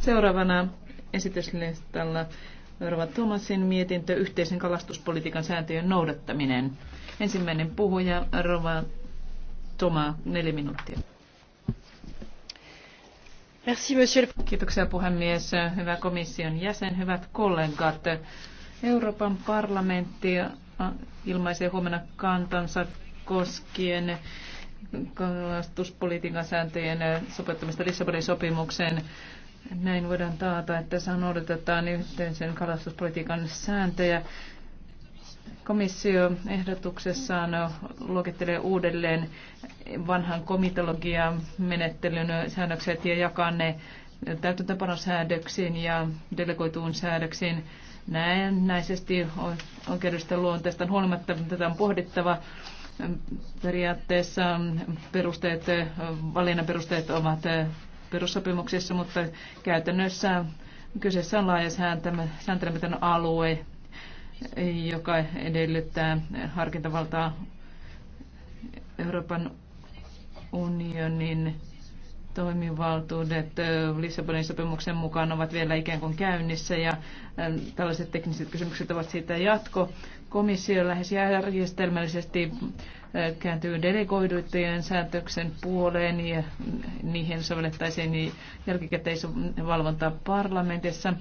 Seuraavana esityslistalla Rova Thomasin mietintö yhteisen kalastuspolitiikan sääntöjen noudattaminen. Ensimmäinen puhuja Rova Toma, neljä minuuttia. Merci, monsieur. Kiitoksia puhemies, hyvä komission jäsen, hyvät kollegat. Euroopan parlamentti äh, ilmaisee huomenna kantansa koskien kalastuspolitiikan sääntöjen sopeuttamista Lissabonin sopimukseen. Näin voidaan taata, että se noudatetaan yhteisen kalastuspolitiikan sääntöjä. Komissio ehdotuksessaan luokittelee uudelleen vanhan komitologian menettelyn säännökset ja jakaa ne täytäntöpanosäädöksiin ja delegoituun säädöksiin näennäisesti oikeudellista luonteesta huolimatta tätä on pohdittava periaatteessa perusteet, valinnan perusteet ovat perussopimuksissa, mutta käytännössä kyseessä on laaja sääntelemätön alue, joka edellyttää harkintavaltaa Euroopan unionin toimivaltuudet Lissabonin sopimuksen mukaan ovat vielä ikään kuin käynnissä ja tällaiset tekniset kysymykset ovat siitä jatko. Komissio lähes järjestelmällisesti kääntyy delegoiduittajien säätöksen puoleen ja niihin sovellettaisiin jälkikäteisvalvontaa parlamentissa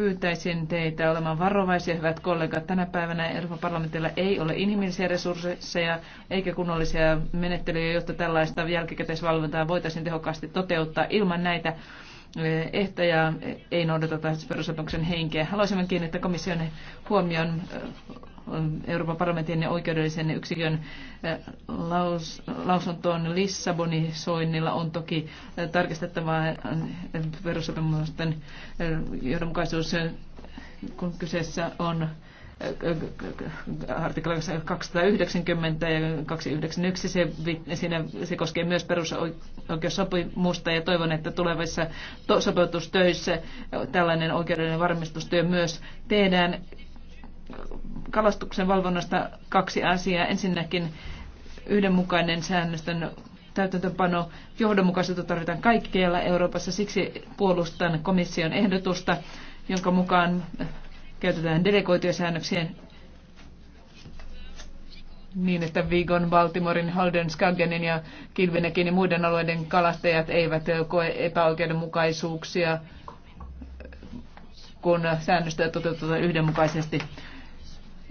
pyytäisin teitä olemaan varovaisia, hyvät kollegat. Tänä päivänä Euroopan parlamentilla ei ole inhimillisiä resursseja eikä kunnollisia menettelyjä, jotta tällaista jälkikäteisvalvontaa voitaisiin tehokkaasti toteuttaa ilman näitä eh, ehtoja ei noudateta perusopimuksen henkeä. Haluaisimme kiinnittää komission huomion eh, Euroopan parlamentin ja oikeudellisen yksikön eh, laus, lausuntoon Lissabonisoinnilla on toki eh, tarkistettavaa eh, perussopimusten johdonmukaisuus, kun kyseessä on artikla 290 ja 291, se, siinä, se koskee myös perusoikeussopimusta ja toivon, että tulevissa sopeutustöissä tällainen oikeudellinen varmistustyö myös tehdään kalastuksen valvonnasta kaksi asiaa. Ensinnäkin yhdenmukainen säännöstön täytäntöpano johdonmukaisuutta tarvitaan kaikkialla Euroopassa. Siksi puolustan komission ehdotusta, jonka mukaan käytetään delegoituja säännöksiä niin, että Vigon, Baltimorin, Halden, Skagenin ja Kilvenekin ja muiden alueiden kalastajat eivät koe epäoikeudenmukaisuuksia, kun säännöstöä toteutetaan yhdenmukaisesti.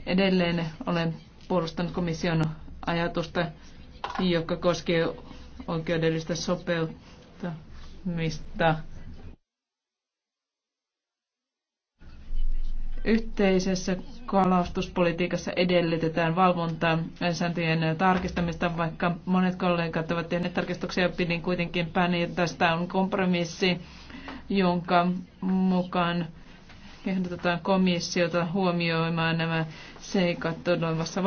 Edelleen olen puolustanut komission ajatusta, joka koskee oikeudellista sopeuttamista. Yhteisessä kalastuspolitiikassa edellytetään valvontaa sääntöjen tarkistamista, vaikka monet kollegat ovat tehneet tarkistuksia, pidin kuitenkin pääni, että tästä on kompromissi, jonka mukaan ehdotetaan komissiota huomioimaan nämä seikat todellisessa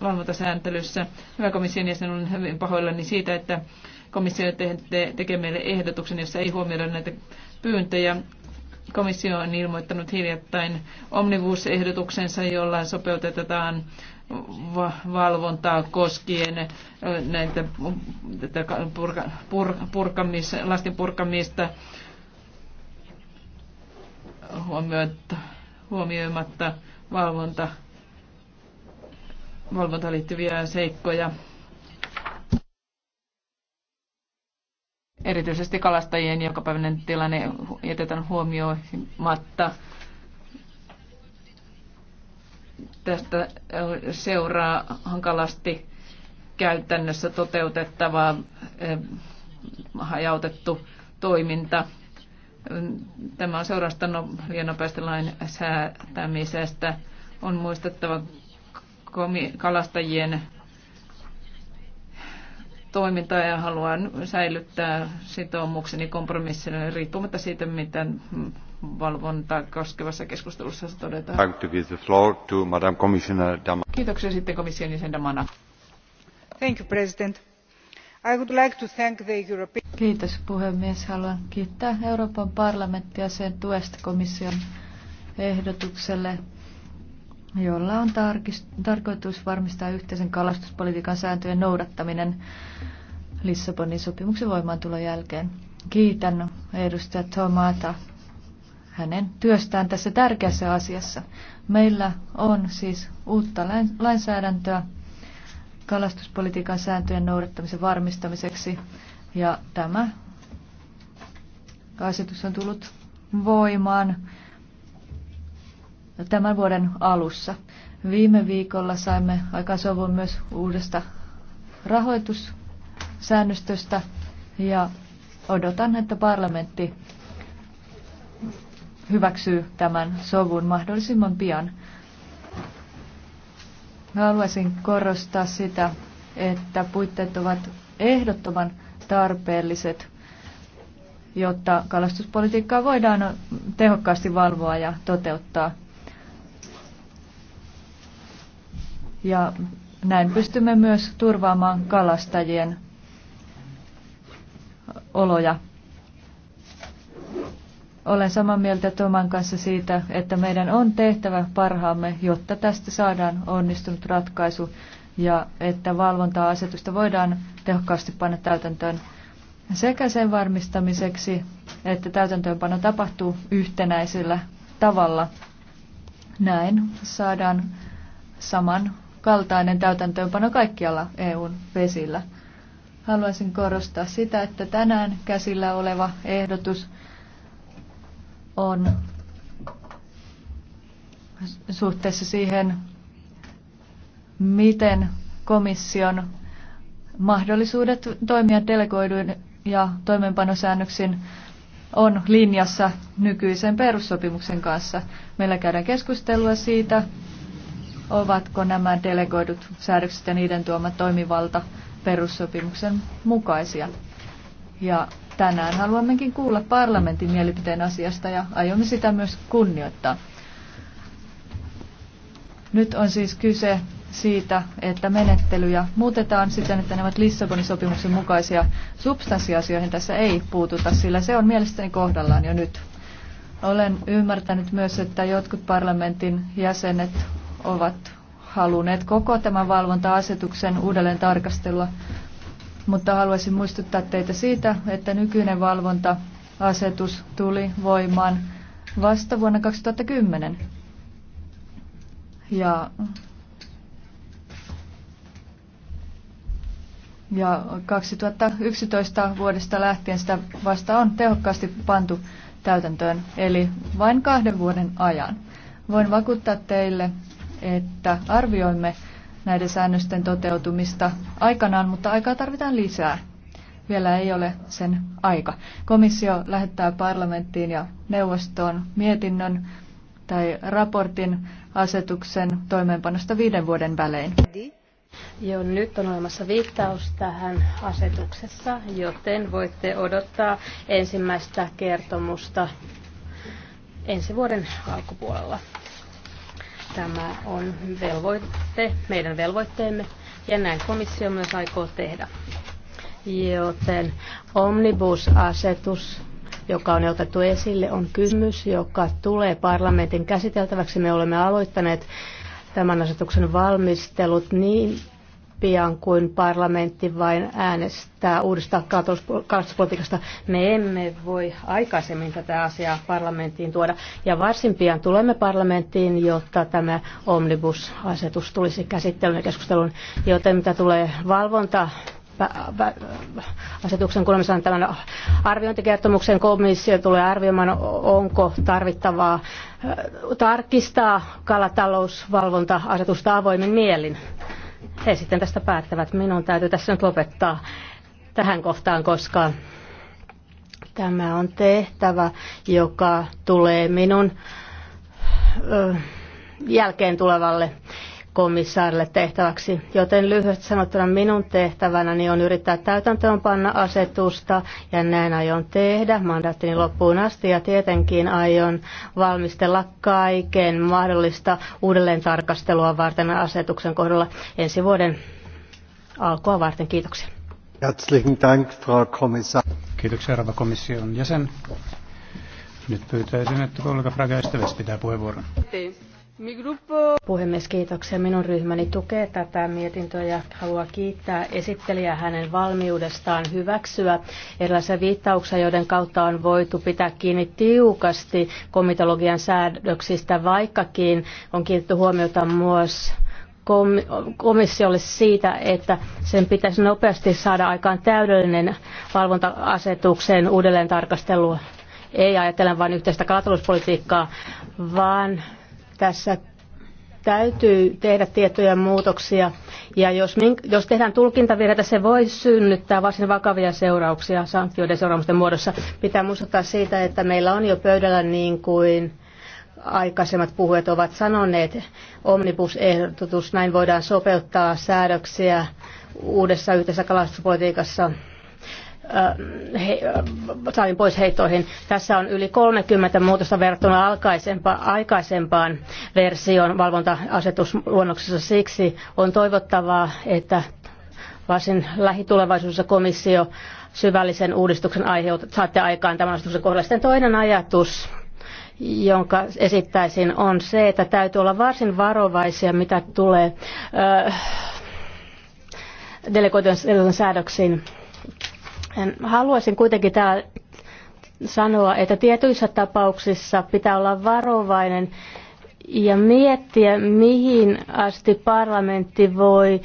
valvontasääntelyssä. Hyvä komission jäsen, olen hyvin pahoillani siitä, että komissio te- te- tekee meille ehdotuksen, jossa ei huomioida näitä pyyntöjä. Komissio on ilmoittanut hiljattain omnivuusehdotuksensa, jolla sopeutetaan va- valvontaa koskien näitä purka- pur- purkamis- lasten purkamista huomioimatta, huomioimatta valvonta, valvonta liittyviä seikkoja. Erityisesti kalastajien jokapäiväinen tilanne jätetään huomioimatta. Tästä seuraa hankalasti käytännössä toteutettava eh, hajautettu toiminta Tämä on seurausta no, liian säätämisestä. On muistettava kalastajien toimintaa ja haluan säilyttää sitoumukseni kompromissille riippumatta siitä, mitä valvontaa koskevassa keskustelussa se todetaan. Kiitoksia sitten komission jäsen Damana. Thank you, President. Kiitos puhemies. Haluan kiittää Euroopan parlamenttia sen tuesta komission ehdotukselle, jolla on tarkoitus varmistaa yhteisen kalastuspolitiikan sääntöjen noudattaminen Lissabonin sopimuksen voimaantulon jälkeen. Kiitän edustaja Tomata hänen työstään tässä tärkeässä asiassa. Meillä on siis uutta lainsäädäntöä kalastuspolitiikan sääntöjen noudattamisen varmistamiseksi. Ja tämä asetus on tullut voimaan tämän vuoden alussa. Viime viikolla saimme aika sovun myös uudesta rahoitussäännöstöstä ja odotan, että parlamentti hyväksyy tämän sovun mahdollisimman pian. Haluaisin korostaa sitä, että puitteet ovat ehdottoman tarpeelliset, jotta kalastuspolitiikkaa voidaan tehokkaasti valvoa ja toteuttaa. Ja näin pystymme myös turvaamaan kalastajien oloja olen samaa mieltä Toman kanssa siitä, että meidän on tehtävä parhaamme, jotta tästä saadaan onnistunut ratkaisu ja että valvonta-asetusta voidaan tehokkaasti panna täytäntöön sekä sen varmistamiseksi, että täytäntöönpano tapahtuu yhtenäisellä tavalla. Näin saadaan saman kaltainen täytäntöönpano kaikkialla EUn vesillä. Haluaisin korostaa sitä, että tänään käsillä oleva ehdotus on suhteessa siihen, miten komission mahdollisuudet toimia delegoiduin ja toimeenpanosäännöksin on linjassa nykyisen perussopimuksen kanssa. Meillä käydään keskustelua siitä, ovatko nämä delegoidut säädökset ja niiden tuoma toimivalta perussopimuksen mukaisia. Ja tänään. Haluammekin kuulla parlamentin mielipiteen asiasta ja aiomme sitä myös kunnioittaa. Nyt on siis kyse siitä, että menettelyjä muutetaan siten, että ne ovat Lissabonin sopimuksen mukaisia substanssiasioihin. Tässä ei puututa, sillä se on mielestäni kohdallaan jo nyt. Olen ymmärtänyt myös, että jotkut parlamentin jäsenet ovat halunneet koko tämän valvonta-asetuksen uudelleen tarkastelua mutta haluaisin muistuttaa teitä siitä, että nykyinen valvonta-asetus tuli voimaan vasta vuonna 2010. Ja, ja 2011 vuodesta lähtien sitä vasta on tehokkaasti pantu täytäntöön, eli vain kahden vuoden ajan. Voin vakuuttaa teille, että arvioimme näiden säännösten toteutumista aikanaan, mutta aikaa tarvitaan lisää. Vielä ei ole sen aika. Komissio lähettää parlamenttiin ja neuvostoon mietinnön tai raportin asetuksen toimeenpanosta viiden vuoden välein. Jo nyt on olemassa viittaus tähän asetuksessa, joten voitte odottaa ensimmäistä kertomusta ensi vuoden alkupuolella. Tämä on velvoitte, meidän velvoitteemme ja näin komissio myös aikoo tehdä. Joten omnibusasetus, joka on otettu esille, on kysymys, joka tulee parlamentin käsiteltäväksi. Me olemme aloittaneet tämän asetuksen valmistelut niin pian kuin parlamentti vain äänestää uudesta kalastuspolitiikasta. Me emme voi aikaisemmin tätä asiaa parlamenttiin tuoda. Ja varsin pian tulemme parlamenttiin, jotta tämä omnibus-asetus tulisi käsittelyyn ja keskusteluun. Joten mitä tulee valvonta asetuksen kuulemisen tämän arviointikertomuksen komissio tulee arvioimaan, onko tarvittavaa äh, tarkistaa kalatalousvalvonta-asetusta avoimin mielin he sitten tästä päättävät. Minun täytyy tässä nyt lopettaa tähän kohtaan, koska tämä on tehtävä, joka tulee minun ö, jälkeen tulevalle komissaarille tehtäväksi. Joten lyhyesti sanottuna minun tehtävänäni on yrittää täytäntöönpanna asetusta ja näin aion tehdä mandaattini loppuun asti ja tietenkin aion valmistella kaiken mahdollista uudelleen tarkastelua varten asetuksen kohdalla ensi vuoden alkua varten. Kiitoksia. Herzlichen Dank, Frau Kommissar. Kiitoksia, rouva komission jäsen. Nyt pyytäisin, että kollega Fraga pitää puheenvuoron. Kiitos. Puhemies, kiitoksia. Minun ryhmäni tukee tätä mietintöä ja haluaa kiittää esittelijää hänen valmiudestaan hyväksyä erilaisia viittauksia, joiden kautta on voitu pitää kiinni tiukasti komitologian säädöksistä, vaikkakin on kiinnitetty huomiota myös komissiolle siitä, että sen pitäisi nopeasti saada aikaan täydellinen valvonta-asetuksen uudelleen tarkastelua. Ei ajatellen vain yhteistä kalatalouspolitiikkaa, vaan tässä täytyy tehdä tietoja muutoksia ja jos, jos tehdään tulkintavirheitä, se voi synnyttää varsin vakavia seurauksia sanktioiden seuraamusten muodossa. Pitää muistuttaa siitä, että meillä on jo pöydällä niin kuin aikaisemmat puhujat ovat sanoneet, omnibusehdotus, näin voidaan sopeuttaa säädöksiä uudessa yhteisessä kalastuspolitiikassa Äh, he, äh, pois heittoihin. Tässä on yli 30 muutosta verrattuna aikaisempaan, aikaisempaan versioon valvonta-asetusluonnoksessa. Siksi on toivottavaa, että varsin lähitulevaisuudessa komissio syvällisen uudistuksen aiheut, saatte aikaan tämän asetuksen kohdalla. Sitten toinen ajatus, jonka esittäisin, on se, että täytyy olla varsin varovaisia, mitä tulee öö, delegoitujen säädöksiin Haluaisin kuitenkin täällä sanoa, että tietyissä tapauksissa pitää olla varovainen ja miettiä, mihin asti parlamentti voi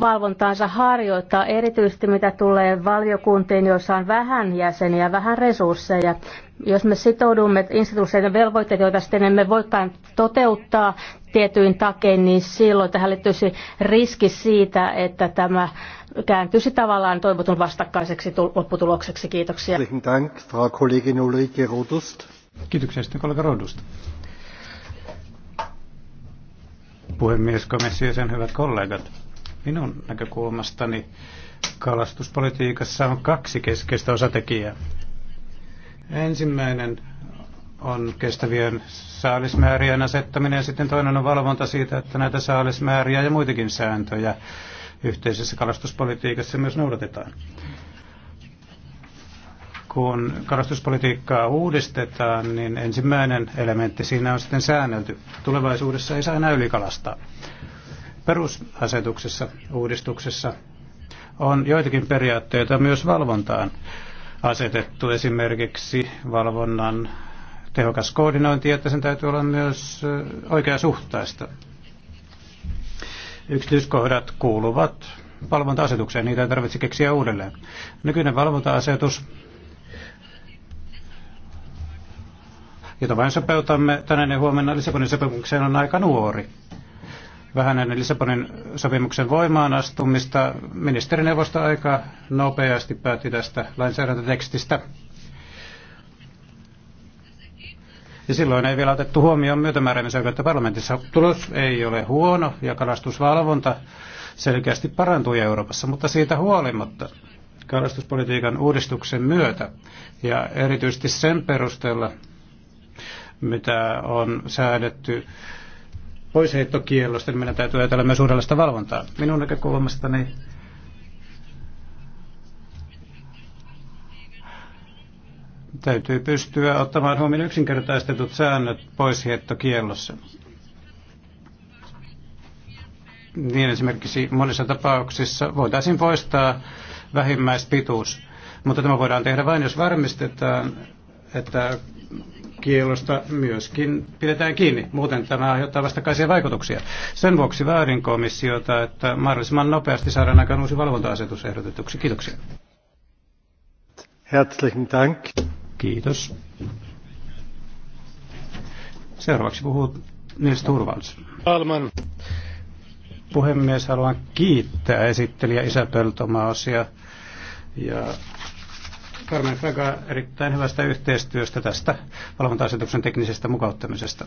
valvontaansa harjoittaa, erityisesti mitä tulee valiokuntiin, joissa on vähän jäseniä, vähän resursseja. Jos me sitoudumme instituutioiden velvoitteet, joita sitten emme voikaan toteuttaa tietyin takein, niin silloin tähän liittyisi riski siitä, että tämä kääntyisi tavallaan toivotun vastakkaiseksi lopputulokseksi. Kiitoksia. Dank, Frau Kollegin Ulrike Rodust. Kiitoksia sitten kollega Rodust. Puhemies, komissio ja sen hyvät kollegat. Minun näkökulmastani kalastuspolitiikassa on kaksi keskeistä osatekijää. Ensimmäinen on kestävien saalismäärien asettaminen ja sitten toinen on valvonta siitä, että näitä saalismääriä ja muitakin sääntöjä yhteisessä kalastuspolitiikassa myös noudatetaan. Kun kalastuspolitiikkaa uudistetaan, niin ensimmäinen elementti siinä on sitten säännelty. Tulevaisuudessa ei saa enää ylikalastaa. Perusasetuksessa uudistuksessa on joitakin periaatteita myös valvontaan asetettu esimerkiksi valvonnan tehokas koordinointi, että sen täytyy olla myös oikeasuhtaista. Yksityiskohdat kuuluvat valvonta-asetukseen, niitä ei tarvitse keksiä uudelleen. Nykyinen valvonta-asetus, jota vain sopeutamme tänään ja huomenna Lissabonin sopimukseen, on aika nuori. Vähän ennen Lissabonin sopimuksen voimaan astumista ministerineuvosto aika nopeasti päätti tästä lainsäädäntötekstistä. Ja silloin ei vielä otettu huomioon myötämääräämisoikeutta parlamentissa. Tulos ei ole huono ja kalastusvalvonta selkeästi parantui Euroopassa, mutta siitä huolimatta kalastuspolitiikan uudistuksen myötä ja erityisesti sen perusteella, mitä on säädetty poisheittokiellosta, niin meidän täytyy ajatella myös uudenlaista valvontaa. Minun näkökulmastani Täytyy pystyä ottamaan huomioon yksinkertaistetut säännöt poishiettokiellossa. Niin esimerkiksi monissa tapauksissa voitaisiin poistaa vähimmäispituus, mutta tämä voidaan tehdä vain, jos varmistetaan, että kielosta myöskin pidetään kiinni. Muuten tämä aiheuttaa vastakkaisia vaikutuksia. Sen vuoksi väärin komissiota, että mahdollisimman nopeasti saadaan aikaan uusi valvonta-asetus ehdotetuksi. Kiitoksia. Herzlichen Dank. Kiitos. Seuraavaksi puhuu Nils Turvals. Alman. Puhemies, haluan kiittää esittelijä Isä Pöltomaasia ja Carmen Fraga erittäin hyvästä yhteistyöstä tästä valvonta-asetuksen teknisestä mukauttamisesta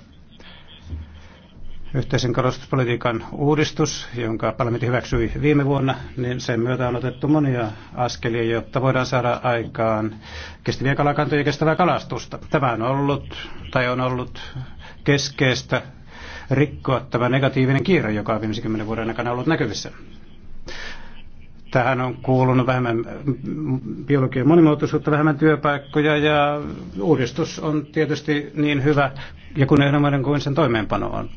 yhteisen kalastuspolitiikan uudistus, jonka parlamentti hyväksyi viime vuonna, niin sen myötä on otettu monia askelia, jotta voidaan saada aikaan kestäviä kalakantoja ja kestävää kalastusta. Tämä on ollut, tai on ollut keskeistä rikkoa tämä negatiivinen kiire, joka on viimeisen kymmenen vuoden aikana ollut näkyvissä. Tähän on kuulunut vähemmän biologian monimuotoisuutta, vähemmän työpaikkoja ja uudistus on tietysti niin hyvä ja kunnianhimoinen kuin sen toimeenpano on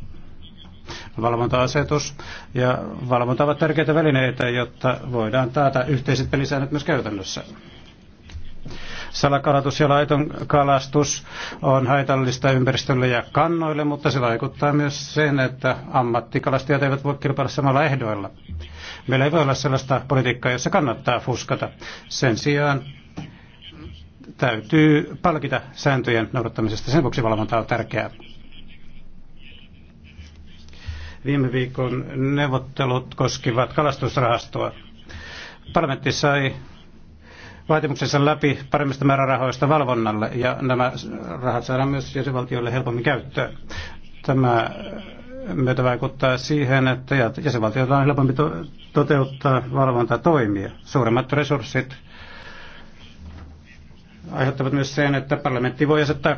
valvonta-asetus ja valvonta ovat tärkeitä välineitä, jotta voidaan taata yhteiset pelisäännöt myös käytännössä. Salakalatus ja laiton kalastus on haitallista ympäristölle ja kannoille, mutta se vaikuttaa myös sen, että ammattikalastajat eivät voi kilpailla samalla ehdoilla. Meillä ei voi olla sellaista politiikkaa, jossa kannattaa fuskata. Sen sijaan täytyy palkita sääntöjen noudattamisesta. Sen vuoksi valvonta on tärkeää. Viime viikon neuvottelut koskivat kalastusrahastoa. Parlamentti sai vaatimuksensa läpi paremmista määrärahoista valvonnalle ja nämä rahat saadaan myös jäsenvaltioille helpommin käyttöön. Tämä myötä vaikuttaa siihen, että jäsenvaltioita on helpompi to- toteuttaa valvontatoimia. Suuremmat resurssit aiheuttavat myös sen, että parlamentti voi asettaa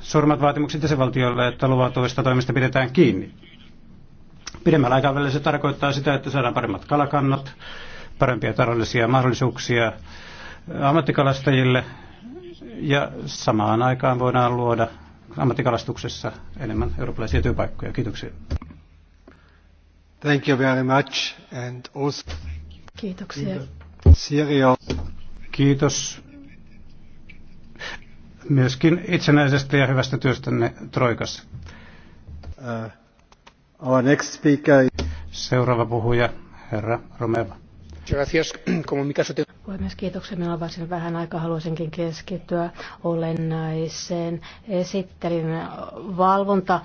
suuremmat vaatimukset jäsenvaltioille, että luvatuista toimista pidetään kiinni. Pidemmällä aikavälillä se tarkoittaa sitä, että saadaan paremmat kalakannat, parempia taloudellisia mahdollisuuksia ammattikalastajille ja samaan aikaan voidaan luoda ammattikalastuksessa enemmän eurooppalaisia työpaikkoja. Kiitoksia. Thank you very much and also... Kiitoksia. Sirio. Kiitos myöskin itsenäisestä ja hyvästä työstänne Troikassa. Uh, Our next speaker. Seuraava puhuja, herra Romeva. Puhemies, kiitoksia. Meillä on varsin vähän aikaa. Haluaisinkin keskittyä olennaiseen esittelin valvonta.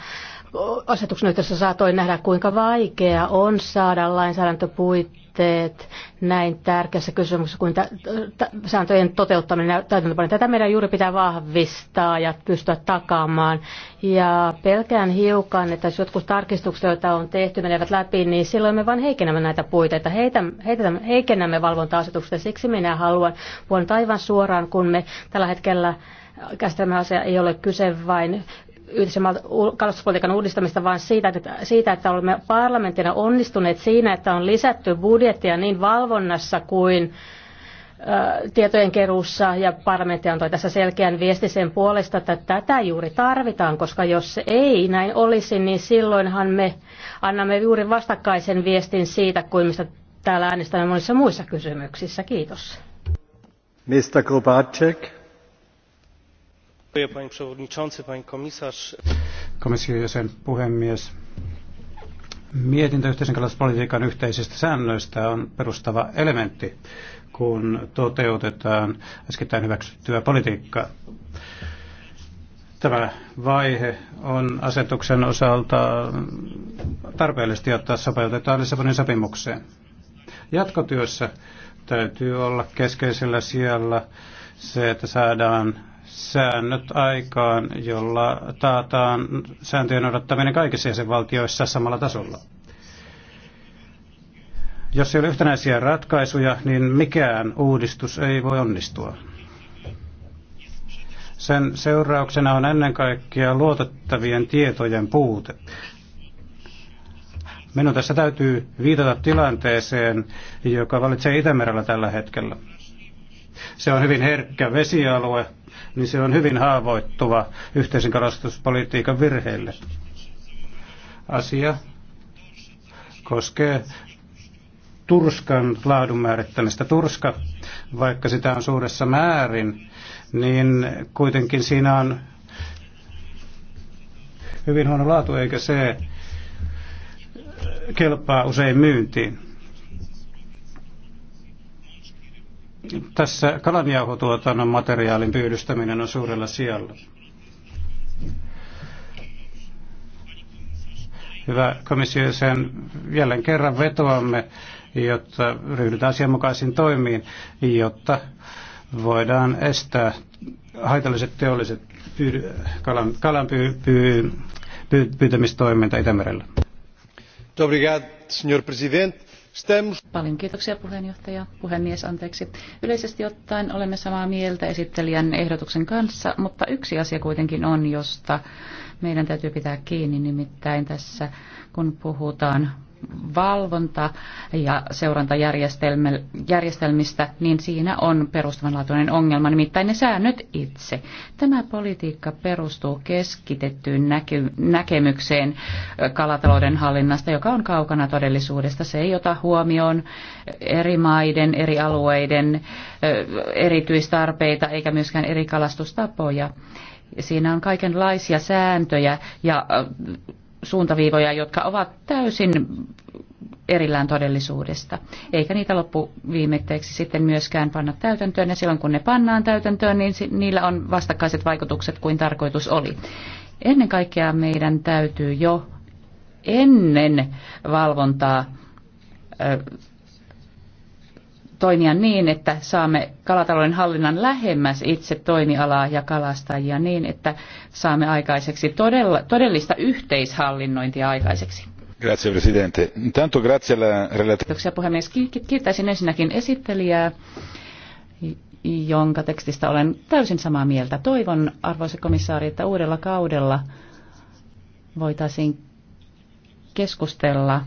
Asetuksen yhteydessä saatoin nähdä, kuinka vaikea on saada lainsäädäntöpuitteet puutteet näin tärkeässä kysymyksessä kuin sääntöjen toteuttaminen ja täytäntöpäin. Tätä meidän juuri pitää vahvistaa ja pystyä takaamaan. Ja pelkään hiukan, että jos jotkut tarkistukset, joita on tehty, menevät läpi, niin silloin me vain heikennämme näitä puitteita, heitämme, heikennämme valvonta-asetuksesta. Siksi minä haluan puhua aivan suoraan, kun me tällä hetkellä käsittelemme asia ei ole kyse vain yhdessä kalastuspolitiikan uudistamista, vaan siitä, että, siitä, että olemme parlamenttina onnistuneet siinä, että on lisätty budjettia niin valvonnassa kuin tietojen keruussa ja parlamentti antoi tässä selkeän viesti sen puolesta, että tätä juuri tarvitaan, koska jos se ei näin olisi, niin silloinhan me annamme juuri vastakkaisen viestin siitä, kuin mistä täällä äänestämme monissa muissa kysymyksissä. Kiitos. Mr. Grubacek. Panie przewodniczący, pani komisarz. Komission jäsen puhemies. Mietintö yhteisen kalastuspolitiikan yhteisistä säännöistä on perustava elementti, kun toteutetaan äskettäin hyväksyttyä politiikkaa. Tämä vaihe on asetuksen osalta tarpeellista, jotta sopeutetaan Lissabonin sopimukseen. Jatkotyössä täytyy olla keskeisellä siellä se, että saadaan säännöt aikaan, jolla taataan sääntöjen noudattaminen kaikissa jäsenvaltioissa samalla tasolla. Jos ei ole yhtenäisiä ratkaisuja, niin mikään uudistus ei voi onnistua. Sen seurauksena on ennen kaikkea luotettavien tietojen puute. Minun tässä täytyy viitata tilanteeseen, joka valitsee Itämerellä tällä hetkellä se on hyvin herkkä vesialue, niin se on hyvin haavoittuva yhteisen kalastuspolitiikan virheille. Asia koskee turskan laadun määrittämistä. Turska, vaikka sitä on suuressa määrin, niin kuitenkin siinä on hyvin huono laatu, eikä se kelpaa usein myyntiin. Tässä kalanjauhotuotannon materiaalin pyydystäminen on suurella sijalla. Hyvä komissio, sen jälleen kerran vetoamme, jotta ryhdytään asianmukaisiin toimiin, jotta voidaan estää haitalliset teolliset pyyd- kalan, kalan pyy- pyy- pyytämistoiminta Itämerellä. Dobrigad, senhor president. Paljon kiitoksia puheenjohtaja, puhemies anteeksi. Yleisesti ottaen olemme samaa mieltä esittelijän ehdotuksen kanssa, mutta yksi asia kuitenkin on, josta meidän täytyy pitää kiinni, nimittäin tässä kun puhutaan valvonta- ja seurantajärjestelmistä, niin siinä on perustavanlaatuinen ongelma, nimittäin ne säännöt itse. Tämä politiikka perustuu keskitettyyn näky- näkemykseen kalatalouden hallinnasta, joka on kaukana todellisuudesta. Se ei ota huomioon eri maiden, eri alueiden erityistarpeita eikä myöskään eri kalastustapoja. Siinä on kaikenlaisia sääntöjä ja suuntaviivoja, jotka ovat täysin erillään todellisuudesta. Eikä niitä loppu viimeitteeksi sitten myöskään panna täytäntöön. Ja silloin kun ne pannaan täytäntöön, niin niillä on vastakkaiset vaikutukset kuin tarkoitus oli. Ennen kaikkea meidän täytyy jo ennen valvontaa toimia niin, että saamme kalatalouden hallinnan lähemmäs itse toimialaa ja kalastajia niin, että saamme aikaiseksi todella, todellista yhteishallinnointia aikaiseksi. Grazie Presidente. Intanto grazie alla Kiitoksia puhemies. Kiittäisin ensinnäkin esittelijää, jonka tekstistä olen täysin samaa mieltä. Toivon, arvoisa komissaari, että uudella kaudella voitaisiin keskustella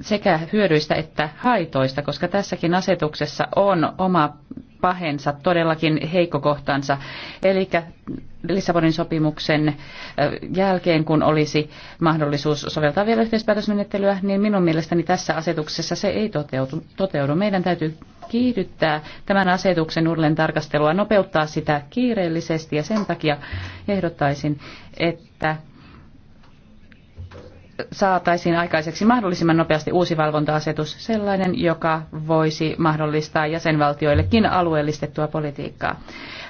sekä hyödyistä että haitoista, koska tässäkin asetuksessa on oma pahensa, todellakin heikko kohtansa. Eli Lissabonin sopimuksen jälkeen, kun olisi mahdollisuus soveltaa vielä yhteispäätösmenettelyä, niin minun mielestäni tässä asetuksessa se ei toteutu, toteudu. Meidän täytyy kiihdyttää tämän asetuksen uudelleen tarkastelua, nopeuttaa sitä kiireellisesti ja sen takia ehdottaisin, että saataisiin aikaiseksi mahdollisimman nopeasti uusi valvonta-asetus, sellainen, joka voisi mahdollistaa jäsenvaltioillekin alueellistettua politiikkaa.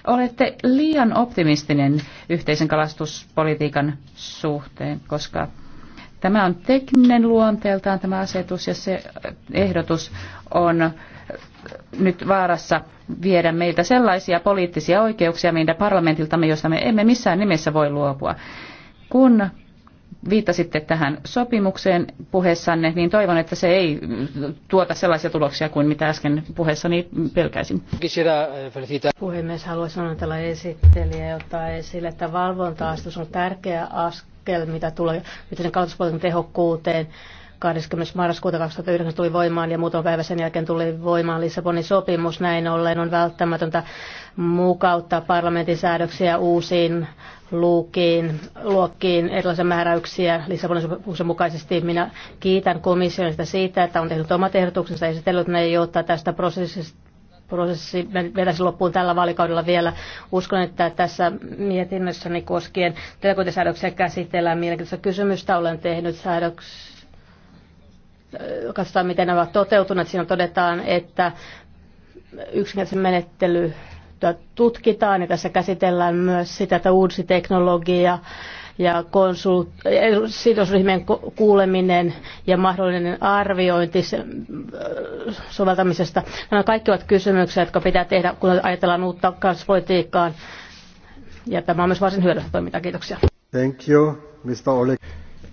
Olette liian optimistinen yhteisen kalastuspolitiikan suhteen, koska tämä on tekninen luonteeltaan tämä asetus ja se ehdotus on nyt vaarassa viedä meiltä sellaisia poliittisia oikeuksia meidän parlamentiltamme, joista me emme missään nimessä voi luopua. Kun viittasitte tähän sopimukseen puheessanne, niin toivon, että se ei tuota sellaisia tuloksia kuin mitä äsken puheessani pelkäisin. Puhemies, sanoa tällä esittelijä ottaa esille, että valvonta on tärkeä askel, mitä tulee yhteisen kalastuspolitiikan tehokkuuteen 20. marraskuuta 2009 tuli voimaan ja muutaman päivä sen jälkeen tuli voimaan Lissabonin sopimus. Näin ollen on välttämätöntä mukauttaa parlamentin säädöksiä uusiin luukiin, luokkiin erilaisia määräyksiä Lissabonin sopimuksen mukaisesti. Minä kiitän komissionista siitä, että on tehnyt omat ehdotuksensa ja esitellyt ne, jotta tästä prosessista prosessi vetäisi loppuun tällä vaalikaudella vielä. Uskon, että tässä mietinnössäni koskien telekuntisäädöksiä käsitellään mielenkiintoista kysymystä. Olen tehnyt säädöksiä katsotaan miten ne ovat toteutuneet. Siinä todetaan, että yksinkertaisen menettely tutkitaan ja tässä käsitellään myös sitä, että uusi teknologia ja konsult, sidosryhmien kuuleminen ja mahdollinen arviointi soveltamisesta. Nämä kaikki ovat kysymyksiä, jotka pitää tehdä, kun ajatellaan uutta kanssapolitiikkaa. Ja tämä on myös varsin hyödyllistä toimintaa. Kiitoksia. Thank you, Mr. Oleg.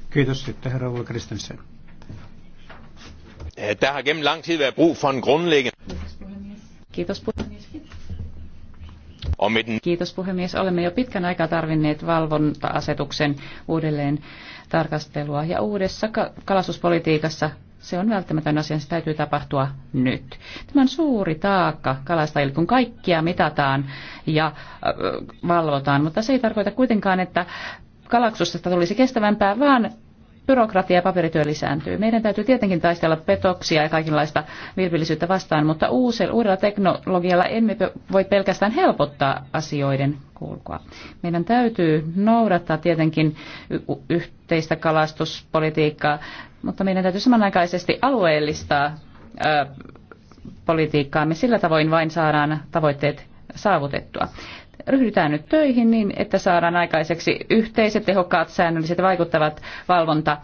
Kiitos sitten, herra Kristensen. Øh, der har gennem lang tid været brug for en grundlæggende... Kiitos puhemies. Olemme jo pitkän aikaa tarvinneet valvonta-asetuksen uudelleen tarkastelua ja uudessa kalastuspolitiikassa se on välttämätön asia, se täytyy tapahtua nyt. Tämä on suuri taakka kalastajille, kun kaikkia mitataan ja äh, valvotaan, mutta se ei tarkoita kuitenkaan, että kalastuksesta tulisi kestävämpää, vaan byrokratia ja paperityö lisääntyy. Meidän täytyy tietenkin taistella petoksia ja kaikenlaista vilpillisyyttä vastaan, mutta uudella teknologialla emme voi pelkästään helpottaa asioiden kulkua. Meidän täytyy noudattaa tietenkin yhteistä kalastuspolitiikkaa, mutta meidän täytyy samanaikaisesti alueellistaa politiikkaamme. Sillä tavoin vain saadaan tavoitteet saavutettua ryhdytään nyt töihin niin, että saadaan aikaiseksi yhteiset, tehokkaat, säännölliset ja vaikuttavat valvonta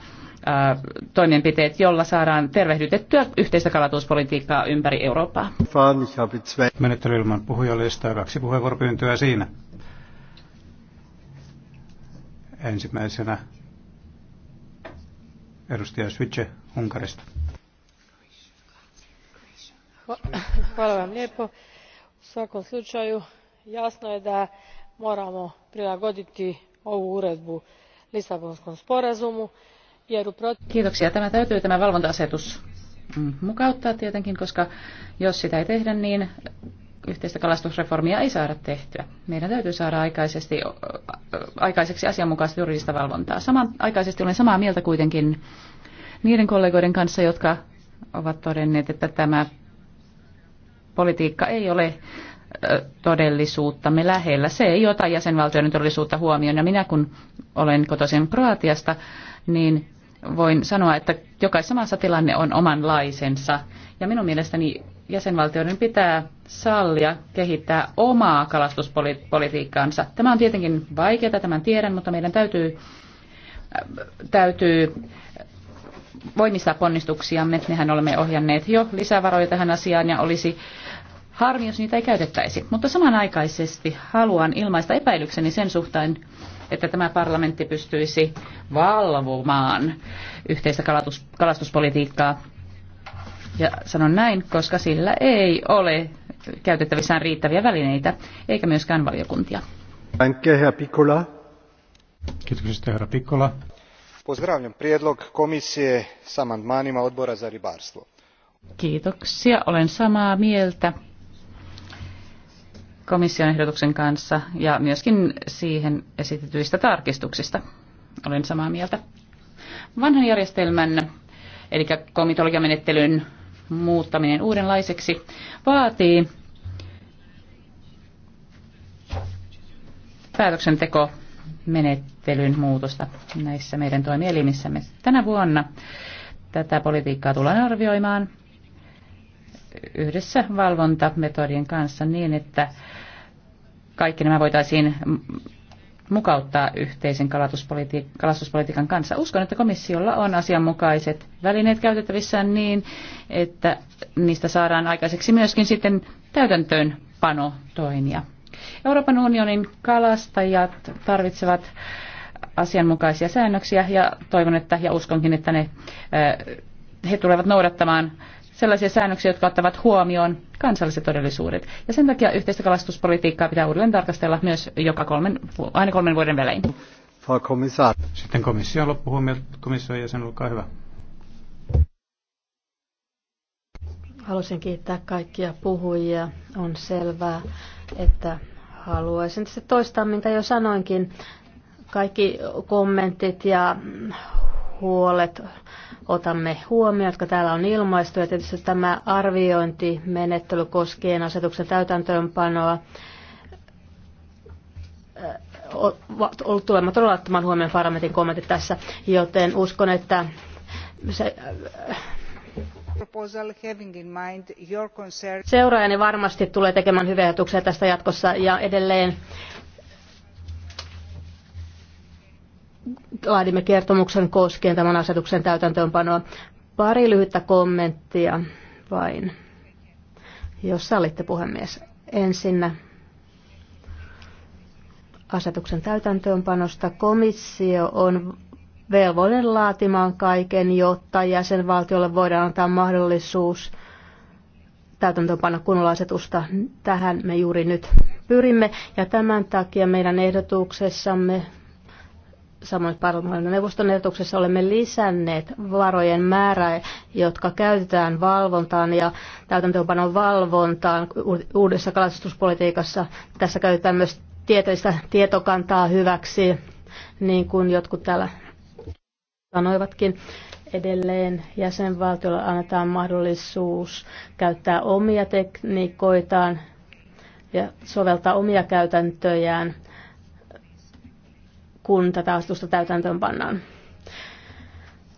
toimenpiteet, jolla saadaan tervehdytettyä yhteistä kalatuspolitiikkaa ympäri Eurooppaa. Menettely ilman puhujalistaa. Kaksi puheenvuoropyyntöä siinä. Ensimmäisenä edustaja Switche Unkarista. Hvala vam lijepo. U svakom slučaju jasno je da moramo prilagoditi ovu uredbu lisabonskom sporazumu jer u Kiitoksia. Tämä täytyy tämä valvonta-asetus mm, mukauttaa tietenkin, koska jos sitä ei tehdä, niin yhteistä kalastusreformia ei saada tehtyä. Meidän täytyy saada aikaisesti, aikaiseksi asianmukaista juridista valvontaa. Saman, aikaisesti olen samaa mieltä kuitenkin niiden kollegoiden kanssa, jotka ovat todenneet, että tämä politiikka ei ole todellisuuttamme lähellä. Se ei ota jäsenvaltioiden todellisuutta huomioon. Ja minä kun olen kotoisin Kroatiasta, niin voin sanoa, että jokaisessa maassa tilanne on omanlaisensa. Ja minun mielestäni jäsenvaltioiden pitää sallia kehittää omaa kalastuspolitiikkaansa. Tämä on tietenkin vaikeaa, tämän tiedän, mutta meidän täytyy, täytyy voimistaa ponnistuksiamme. Mehän olemme ohjanneet jo lisävaroja tähän asiaan ja olisi Harmi, jos niitä ei käytettäisi. Mutta samanaikaisesti haluan ilmaista epäilykseni sen suhteen, että tämä parlamentti pystyisi valvomaan yhteistä kalatus, kalastuspolitiikkaa. Ja sanon näin, koska sillä ei ole käytettävissään riittäviä välineitä, eikä myöskään valiokuntia. Danke, herra Piccola. Kiitoksia, herra Piccola. Pozdravljam prijedlog komisije s amandmanima odbora za ribarstvo. Kiitoksia, olen samaa mieltä komission ehdotuksen kanssa ja myöskin siihen esitetyistä tarkistuksista. Olen samaa mieltä. Vanhan järjestelmän, eli komitologiamenettelyn muuttaminen uudenlaiseksi, vaatii päätöksenteko menettelyn muutosta näissä meidän toimielimissämme. Tänä vuonna tätä politiikkaa tullaan arvioimaan yhdessä valvontametodien kanssa niin, että kaikki nämä voitaisiin mukauttaa yhteisen kalastuspolitiikan kanssa. Uskon, että komissiolla on asianmukaiset välineet käytettävissään niin, että niistä saadaan aikaiseksi myöskin sitten täytäntöönpano toimia. Euroopan unionin kalastajat tarvitsevat asianmukaisia säännöksiä ja toivon, että ja uskonkin, että ne, he tulevat noudattamaan sellaisia säännöksiä, jotka ottavat huomioon kansalliset todellisuudet. Ja sen takia yhteistä kalastuspolitiikkaa pitää uudelleen tarkastella myös joka kolmen, aina kolmen vuoden välein. Sitten komission loppuhuomio. Komissio jäsen, olkaa hyvä. Haluaisin kiittää kaikkia puhujia. On selvää, että haluaisin toistaa, mitä jo sanoinkin. Kaikki kommentit ja huolet otamme huomioon, jotka täällä on ilmaistu. Ja tietysti tämä arviointimenettely koskien asetuksen täytäntöönpanoa ollut tulematta todella ottamaan huomioon parlamentin kommentit tässä, joten uskon, että se, Seuraajani varmasti tulee tekemään hyviä ajatuksia tästä jatkossa ja edelleen laadimme kertomuksen koskien tämän asetuksen täytäntöönpanoa. Pari lyhyttä kommenttia vain, jos sallitte puhemies. Ensinnä asetuksen täytäntöönpanosta. Komissio on velvollinen laatimaan kaiken, jotta jäsenvaltiolle voidaan antaa mahdollisuus täytäntöönpanna kunnolla asetusta. Tähän me juuri nyt pyrimme ja tämän takia meidän ehdotuksessamme samoin parlamentin neuvoston ehdotuksessa olemme lisänneet varojen määrää, jotka käytetään valvontaan ja täytäntöönpanon valvontaan uudessa kalastuspolitiikassa. Tässä käytetään myös tieteellistä tietokantaa hyväksi, niin kuin jotkut täällä sanoivatkin. Edelleen jäsenvaltiolle annetaan mahdollisuus käyttää omia tekniikoitaan ja soveltaa omia käytäntöjään kun tätä asetusta täytäntöön pannaan.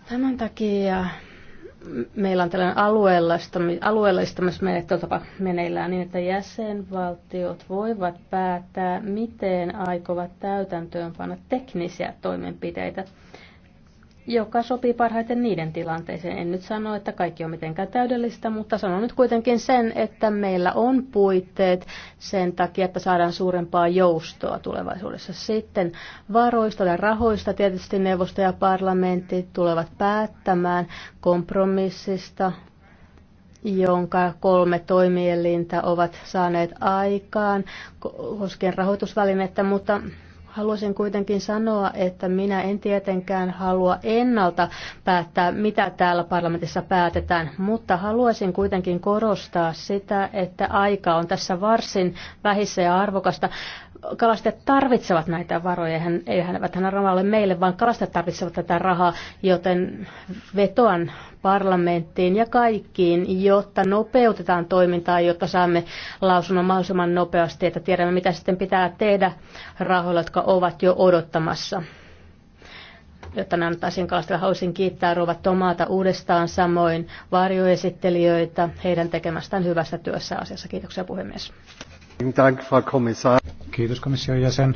Tämän takia meillä on tällainen alueellistamismenettelytapa meneillään niin, että jäsenvaltiot voivat päättää, miten aikovat täytäntöön panna teknisiä toimenpiteitä joka sopii parhaiten niiden tilanteeseen. En nyt sano, että kaikki on mitenkään täydellistä, mutta sanon nyt kuitenkin sen, että meillä on puitteet sen takia, että saadaan suurempaa joustoa tulevaisuudessa. Sitten varoista ja rahoista tietysti neuvosto ja parlamentti tulevat päättämään kompromissista, jonka kolme toimielintä ovat saaneet aikaan koskien rahoitusvälinettä, mutta Haluaisin kuitenkin sanoa, että minä en tietenkään halua ennalta päättää, mitä täällä parlamentissa päätetään, mutta haluaisin kuitenkin korostaa sitä, että aika on tässä varsin vähissä ja arvokasta kalastajat tarvitsevat näitä varoja, eihän eihän hän rahaa ole meille, vaan kalastajat tarvitsevat tätä rahaa, joten vetoan parlamenttiin ja kaikkiin, jotta nopeutetaan toimintaa, jotta saamme lausunnon mahdollisimman nopeasti, että tiedämme mitä sitten pitää tehdä rahoilla, jotka ovat jo odottamassa jotta näin antaisin kalastajille. Haluaisin kiittää Rova Tomaata uudestaan samoin varjoesittelijöitä heidän tekemästään hyvästä työssä asiassa. Kiitoksia puhemies. Kiitos komission jäsen.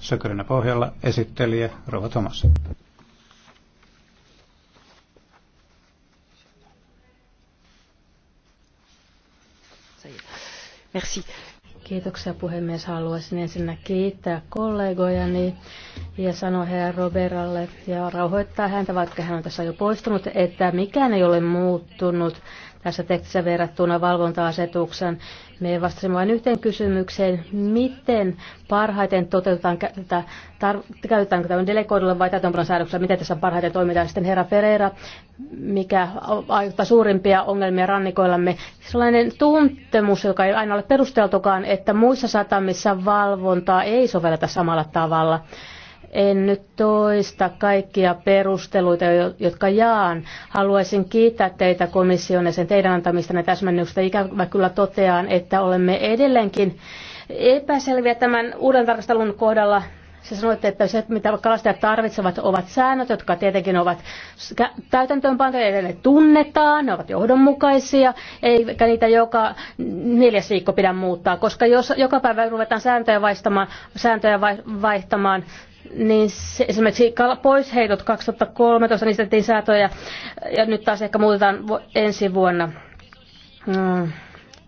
Sökönä pohjalla esittelijä Rova Thomas. Merci. Kiitoksia puhemies. Haluaisin ensinnä kiittää kollegojani ja sanoa herra Roberalle ja rauhoittaa häntä, vaikka hän on tässä jo poistunut, että mikään ei ole muuttunut tässä tekstissä verrattuna valvonta-asetuksen. Me vastasimme vain yhteen kysymykseen, miten parhaiten toteutetaan, tätä, tar- käytetäänkö tämä delegoidulla vai täytäntöönpanon säädöksellä, miten tässä parhaiten toimitaan. Sitten herra Pereira, mikä aiheuttaa suurimpia ongelmia rannikoillamme, sellainen tuntemus, joka ei aina ole perusteltukaan, että muissa satamissa valvontaa ei sovelleta samalla tavalla. En nyt toista kaikkia perusteluita, jotka jaan. Haluaisin kiittää teitä komission ja sen teidän antamista antamistanne täsmennyksistä. Ikävä kyllä totean, että olemme edelleenkin epäselviä tämän uuden tarkastelun kohdalla. Se sanoitte, että se, mitä kalastajat tarvitsevat, ovat säännöt, jotka tietenkin ovat täytäntöönpantoja, ne tunnetaan, ne ovat johdonmukaisia, eikä niitä joka neljäs viikko pidä muuttaa, koska jos joka päivä ruvetaan sääntöjä vaihtamaan, sääntöjä vaihtamaan niin esimerkiksi poisheitot 2013, niistä tehtiin säätöjä ja nyt taas ehkä muutetaan ensi vuonna. Mm.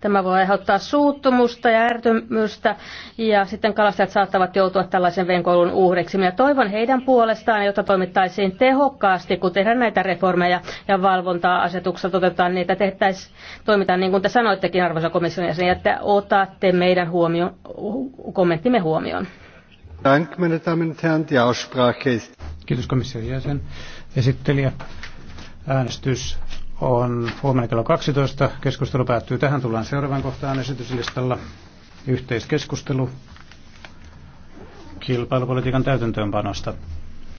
Tämä voi aiheuttaa suuttumusta ja ärtymystä ja sitten kalastajat saattavat joutua tällaisen venkoulun uhreiksi. Minä toivon heidän puolestaan, jotta toimittaisiin tehokkaasti, kun tehdään näitä reformeja ja valvontaa asetuksessa toteutetaan niitä, tehtäisiin toimitaan niin kuin te sanoittekin arvoisa komission jäsen, että otatte meidän huomioon, kommenttimme huomioon. Kiitos komission jäsen. Esittelijä. Äänestys on huomenna kello 12. Keskustelu päättyy tähän. Tullaan seuraavaan kohtaan esityslistalla. Yhteiskeskustelu kilpailupolitiikan täytäntöönpanosta.